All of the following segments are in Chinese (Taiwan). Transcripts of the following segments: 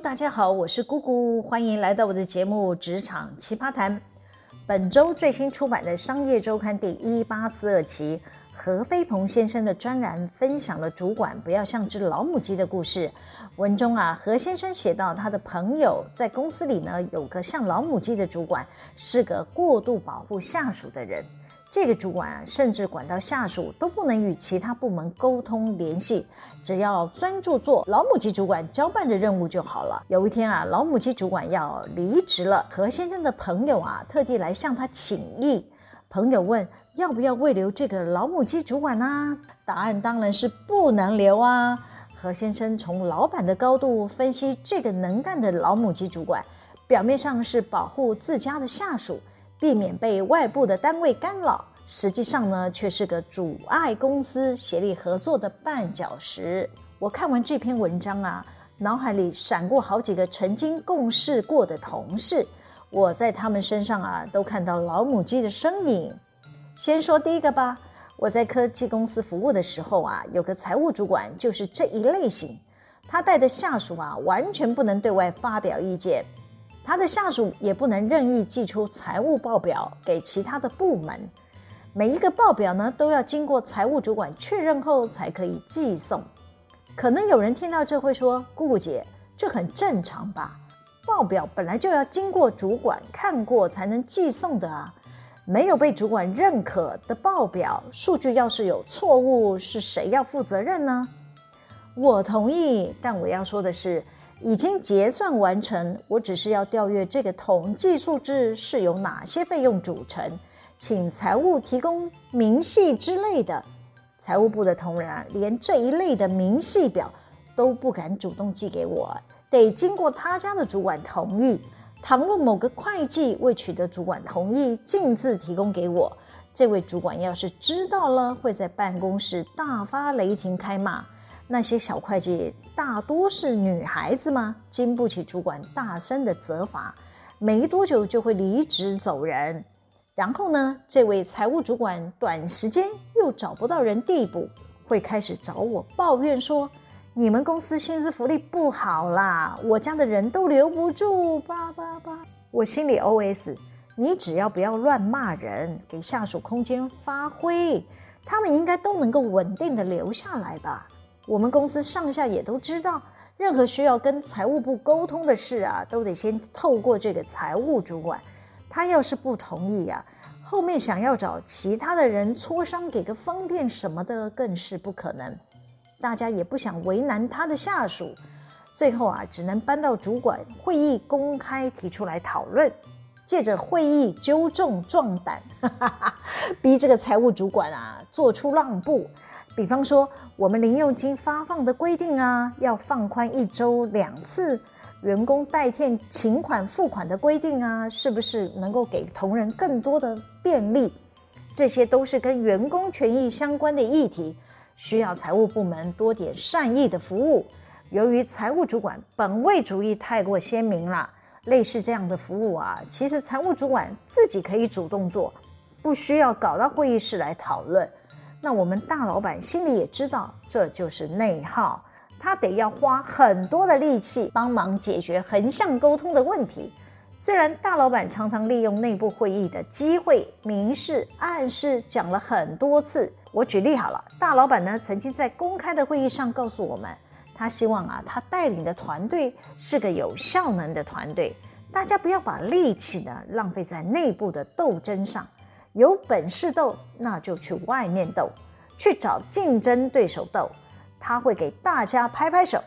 大家好，我是姑姑，歡迎來到我的節目《職場奇葩談》。本周最新出版的《商業周刊》第一八四二期，何飛鵬先生的專欄分享了“主管不要像隻老母雞”的故事。文中啊，何先生寫到他的朋友在公司裡呢，有個像老母雞的主管，是個過度保護下屬的人。這個主管甚至管到下屬都不能與其他部門溝通聯繫，只要專注做老母雞主管交辦的任務就好了。有一天啊，老母雞主管要離職了，何先生的朋友啊特地來向他請益。朋友問：要不要挽留這個老母雞主管呢、啊？答案當然是不能留啊。何先生從老板的高度分析，這個能幹的老母雞主管，表面上是保護自家的下屬。避免被外部的單位干擾，實際上呢，卻是個阻礙公司協力合作的絆腳石。我看完這篇文章啊，腦海裡閃過好幾個曾經共事過的同事，我在他們身上啊，都看到老母雞的身影。先說第一個吧，我在科技公司服務的時候啊，有個財務主管就是這一類型，他帶的下屬啊，完全不能對外發表意見。他的下屬也不能任意寄出財務報表給其他的部門，每一個報表呢，都要經過財務主管確認後才可以寄送。可能有人聽到這會說：“姑姑姐，這很正常吧？報表本來就要經過主管看過才能寄送的啊，沒有被主管認可的報表，數據要是有錯誤，是誰要負責任呢？”我同意，但我要說的是，已經結算完成，我只是要調閱這個統計數字是由哪些費用組成，請財務提供明細之類的。財務部的同仁、啊、連這一類的明細表都不敢主動寄給我，得經過他家的主管同意。倘若某個會計未取得主管同意，徑自提供給我，這位主管要是知道了，會在辦公室大發雷霆開罵。那些小會計大多是女孩子嘛，經不起主管大聲的責罰，沒多久就會離職走人。然後呢，這位財務主管短時間又找不到人遞補，會開始找我抱怨說：“你們公司薪資福利不好啦，我家的人都留不住。”叭叭叭，我心裡 OS：“ 你只要不要亂罵人，給下屬空間發揮，他們應該都能夠穩定地留下來吧。”我們公司上下也都知道，任何需要跟財務部溝通的事啊，都得先透過這個財務主管。他要是不同意呀、啊，後面想要找其他的人磋商給個方便什麼的，更是不可能。大家也不想為難他的下屬，最後啊，只能搬到主管會議公開提出來討論，借着會議糾眾壯膽哈哈，逼這個財務主管啊做出讓步。比方說，我們零用金發放的規定啊，要放寬一周兩次；員工代墊請款付款的規定啊，是不是能夠給同仁更多的便利？這些都是跟員工權益相關的議題，需要財務部門多點善意的服務。由於財務主管本位主義太過鮮明了，類似這樣的服務啊，其實財務主管自己可以主動做，不需要搞到會議室來討論。那我們大老闆心裡也知道，這就是內耗，他得要花很多的力氣幫忙解決橫向溝通的問題。雖然大老闆常常利用內部會議的機會，明示暗示講了很多次。我舉例好了，大老闆呢曾經在公開的會議上告訴我們，他希望啊，他帶領的團隊是個有效能的團隊，大家不要把力氣呢浪費在內部的鬥爭上。有本事鬥，那就去外面鬥，去找競爭對手鬥。他會給大家拍拍手。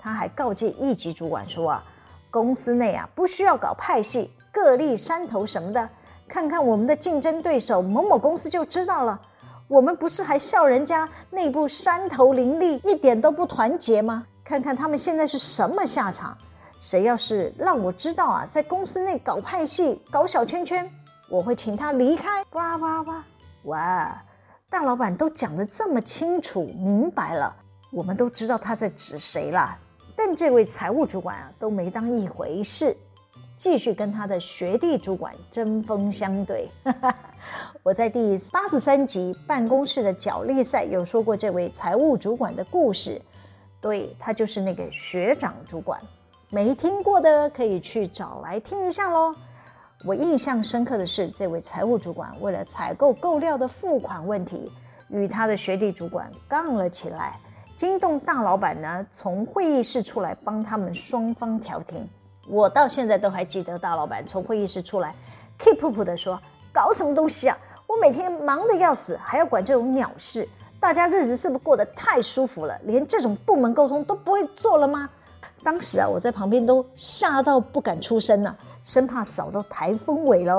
他還告誡一級主管說啊：“公司內啊，不需要搞派系、各立山頭什麼的。看看我們的競爭對手某某公司就知道了。我們不是還笑人家內部山頭林立，一點都不團結嗎？看看他們現在是什麼下場？誰要是讓我知道啊，在公司內搞派系、搞小圈圈。”我會請他離開。哇哇哇哇！大老闆都講得這麼清楚，明白了，我們都知道他在指誰了。但這位財務主管啊，都沒當一回事，繼續跟他的學弟主管針鋒相對。 我在第八十三集辦公室的角力賽有說過這位財務主管的故事，對，他就是那個學長主管，沒聽過的可以去找來聽一下嘍。我印象深刻的是，這位財務主管為了採購購料的付款問題，與他的學弟主管槓了起來。驚動大老闆呢，從會議室出來幫他們雙方調停。我到現在都還記得，大老闆從會議室出來，氣撲撲地說：“搞什麼東西啊！我每天忙得要死，還要管這種鳥事。大家日子是不是過得太舒服了，連這種部門溝通都不會做了嗎？”當時啊，我在旁邊都嚇到不敢出聲了、啊。生怕掃到台風尾嘍。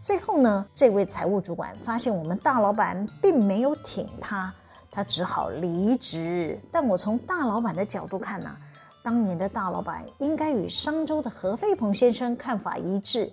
最後呢，這位財務主管發現我們大老闆並沒有挺他，他只好離職。但我從大老闆的角度看呢、啊，當年的大老闆應該與商周的何飛鵬先生看法一致，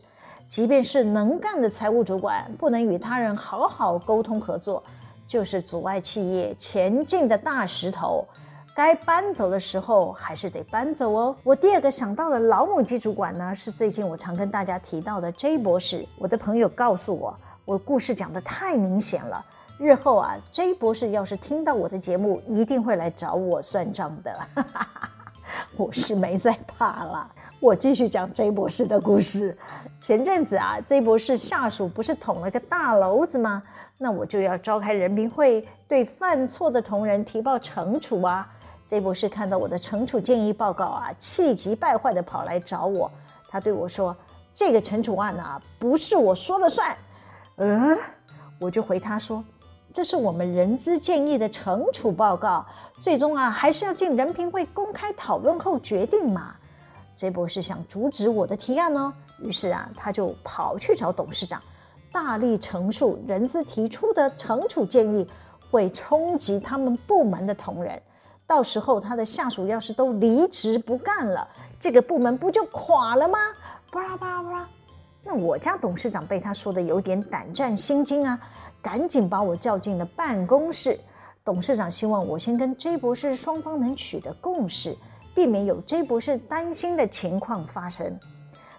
即便是能幹的財務主管，不能與他人好好溝通合作，就是阻礙企業前進的大石頭。該搬走的時候還是得搬走哦。我第二個想到的老母雞主管呢，是最近我常跟大家提到的 J 博士。我的朋友告訴我，我故事講得太明顯了，日後啊，J 博士要是聽到我的節目，一定會來找我算賬的。哈哈哈，我是沒在怕了。我繼續講 J 博士的故事。前陣子啊，J 博士下屬不是捅了個大簍子嗎？那我就要召開人民會對犯錯的同仁提報懲處啊。J 博士看到我的懲處建議報告啊，氣急敗壞地跑來找我。他對我說：“這個懲處案呢、啊，不是我說了算。”嗯，我就回他說：“這是我們人資建議的懲處報告，最終啊還是要進人評會公開討論後決定嘛。”J 博士想阻止我的提案哦，於是啊，他就跑去找董事長，大力陳述人資提出的懲處建議會衝擊他們部門的同仁。到時候他的下屬要是都離職不幹了，這個部門不就垮了嗎？巴拉巴拉巴拉。那我家董事長被他說的有點膽戰心驚啊，趕緊把我叫進了辦公室。董事長希望我先跟 J 博士雙方能取得共識，避免有 J 博士擔心的情況發生。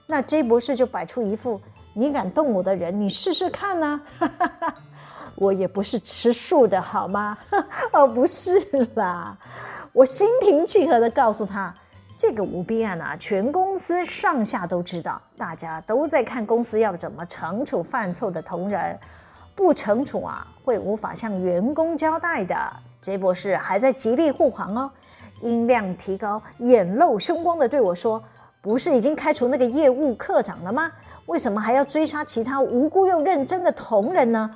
那 J 博士就擺出一副你敢動我的人，你試試看吶。 我也不是吃素的，好嗎？哈，哦，不是啦。我心平氣和的告訴他，這個舞弊案啊，全公司上下都知道，大家都在看公司要怎麼懲處犯錯的同仁。不懲處啊，會無法向員工交代的。J 博士還在極力護航哦，音量提高，眼露凶光的對我說：“不是已經開除那個業務科長了嗎？為什麼還要追殺其他無辜又認真的同仁呢？”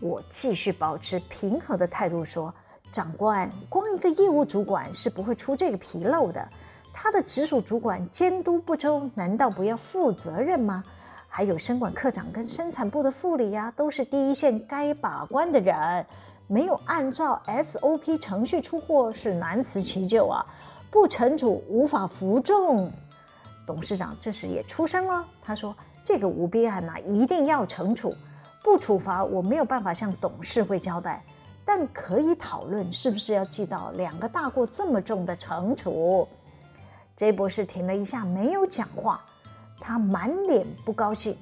我繼續保持平和的態度說：“長官，光一個業務主管是不會出這個紕漏的，他的直屬主管監督不周，難道不要負責任嗎？還有生管科長跟生產部的副理呀、啊，都是第一線該把關的人，沒有按照 SOP 程序出貨是難辭其咎啊！不懲處無法服眾。”董事長這時也出聲了，他說：“這個無邊案、啊、吶，一定要懲處。”不處罰，我沒有辦法向董事會交代，但可以討論是不是要記到兩個大過這麼重的懲處。J 博士停了一下，沒有講話，他滿臉不高興。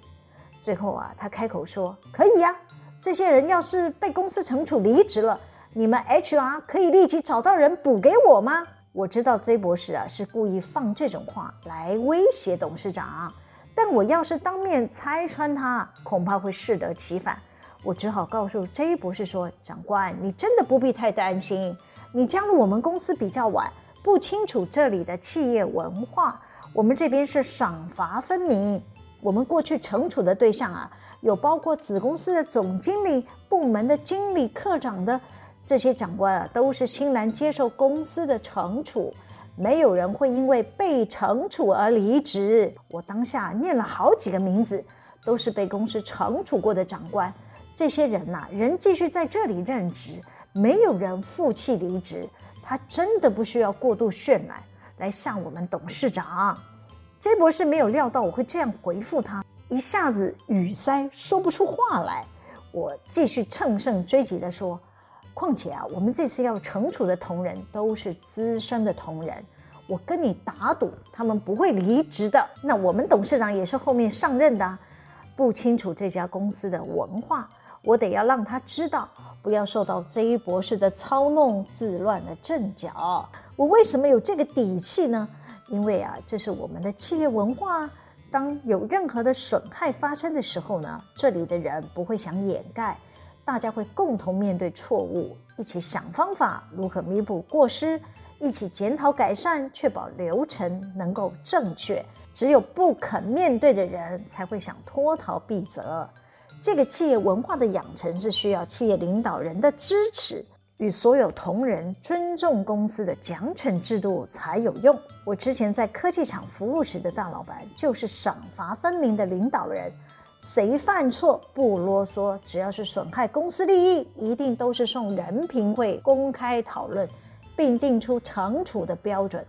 最後啊，他開口說：“可以呀、啊，這些人要是被公司懲處離職了，你們 HR 可以立即找到人補給我嗎？”我知道 J 博士啊是故意放這種話來威脅董事長。但我要是當面拆穿他，恐怕會適得其反。我只好告訴 J 博士說：“長官，你真的不必太擔心。你加入我們公司比較晚，不清楚這裡的企業文化。我們這邊是賞罰分明。我們過去懲處的對象啊，有包括子公司的總經理、部門的經理、科長的這些長官啊，都是欣然接受公司的懲處。”沒有人會因為被懲處而離職。我當下念了好幾個名字，都是被公司懲處過的長官。這些人吶、啊，人繼續在這裡任職，沒有人負氣離職。他真的不需要過度渲染來嚇我們董事長。J 博士沒有料到我會這樣回復他，一下子語塞，說不出話來。我繼續乘勝追擊地說。況且啊，我們這次要懲處的同仁都是資深的同仁，我跟你打賭，他們不會離職的。那我們董事長也是後面上任的，不清楚這家公司的文化，我得要讓他知道，不要受到 J 博士的操弄，自亂了陣腳。我為什麼有這個底氣呢？因為啊，這是我們的企業文化。當有任何的損害發生的時候呢，這裡的人不會想掩蓋。大家會共同面對錯誤，一起想方法如何彌補過失，一起檢討改善，確保流程能夠正確。只有不肯面對的人，才會想脫逃避責。這個企業文化的養成是需要企業領導人的支持與所有同仁尊重公司的獎懲制度才有用。我之前在科技廠服務時的大老板就是賞罰分明的領導人。誰犯錯不囉嗦，只要是損害公司利益，一定都是送人評會公開討論，並定出懲處的標準。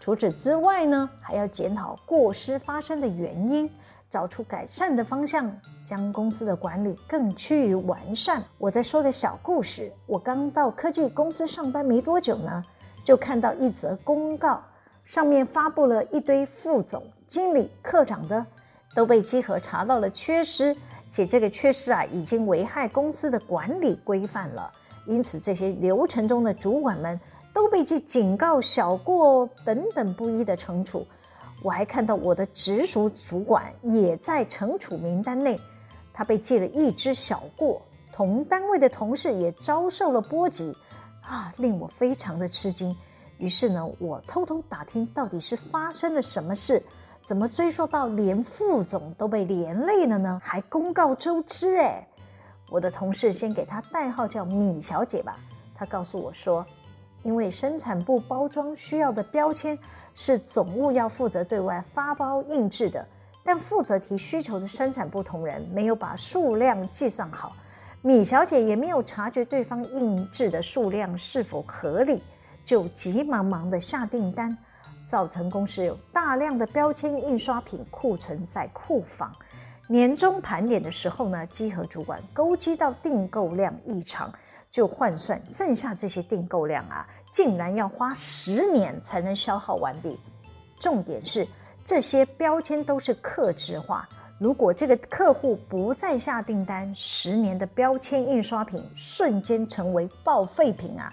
除此之外呢，還要檢討過失發生的原因，找出改善的方向，將公司的管理更趨於完善。我再說個小故事，我剛到科技公司上班沒多久呢，就看到一則公告，上面發布了一堆副總經理、課長的。都被稽核查到了缺失，且這個缺失啊已經危害公司的管理規範了。因此，這些流程中的主管們都被記警告、小過哦等等不一的懲處。我還看到我的直屬主管也在懲處名單內，他被記了一只小過。同單位的同事也遭受了波及，啊，令我非常的吃驚。於是呢，我偷偷打聽到底是發生了什麼事。怎麼追溯到連副總都被連累了呢？還公告周知哎！我的同事先給她代號叫米小姐吧。她告訴我說，因為生產部包裝需要的標籤是總務要負責對外發包印制的，但負責提需求的生產部同仁沒有把數量計算好，米小姐也沒有察覺對方印制的數量是否合理，就急忙忙地下訂單。造成公司有大量的標籤印刷品庫存在庫房，年終盤點的時候呢，稽核主管勾稽到訂購量異常，就換算剩下這些訂購量啊，竟然要花十年才能消耗完畢。重點是這些標籤都是客製化，如果這個客戶不再下訂單，十年的標籤印刷品瞬間成為報廢品啊！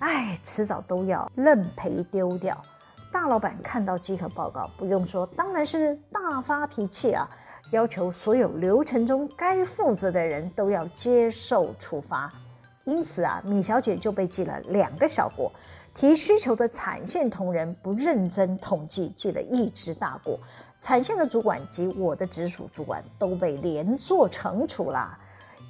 哎，遲早都要認賠丟掉。大老闆看到稽核報告，不用說，當然是大發脾氣啊，要求所有流程中該負責的人都要接受處罰。因此啊，米小姐就被記了兩個小過，提需求的產線同仁不認真統計，記了一支大過，產線的主管及我的直屬主管都被連坐懲處了。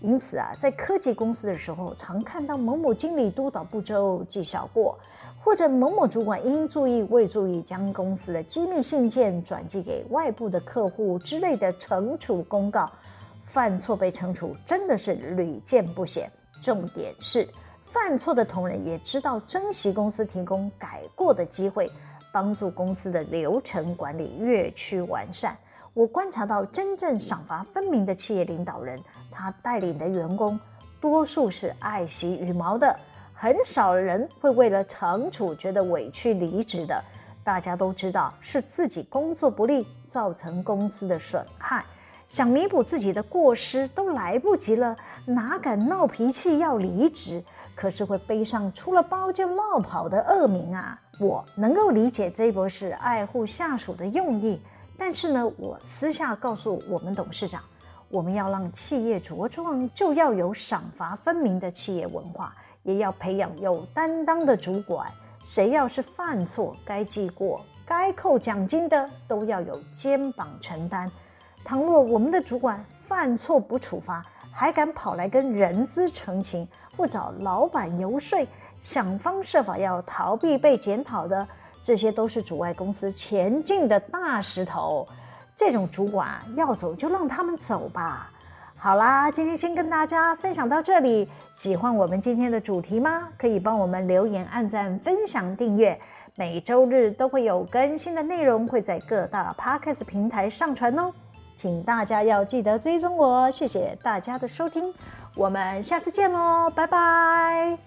因此啊，在科技公司的時候，常看到某某經理督導不周，記小過。或者某某主管應注意未注意，將公司的機密信件轉寄給外部的客戶之類的懲處公告，犯錯被懲處真的是屢見不鮮。重點是犯錯的同仁也知道珍惜公司提供改過的機會，幫助公司的流程管理越趨完善。我觀察到真正賞罰分明的企業領導人，他帶領的員工多數是愛惜羽毛的。很少人會為了懲處覺得委屈離職的，大家都知道是自己工作不力造成公司的損害，想彌補自己的過失都來不及了，哪敢鬧脾氣要離職？可是會背上出了包就落跑的惡名啊！我能夠理解 J 博士愛護下屬的用意，但是呢，我私下告訴我們董事長，我們要讓企業茁壯，就要有賞罰分明的企業文化。也要培養有擔當的主管。誰要是犯錯，該記過、該扣獎金的，都要有肩膀承擔。倘若我們的主管犯錯不處罰，還敢跑來跟人資澄清，或找老闆游說，想方設法要逃避被檢討的，這些都是阻礙公司前進的大石頭。這種主管要走就讓他們走吧。好啦，今天先跟大家分享到這裡。喜歡我們今天的主題嗎？可以幫我們留言、按贊、分享、訂閱。每周日都會有更新的內容會在各大 Podcast 平台上傳哦，請大家要記得追蹤我。謝謝大家的收聽，我們下次見嘍、哦，拜拜。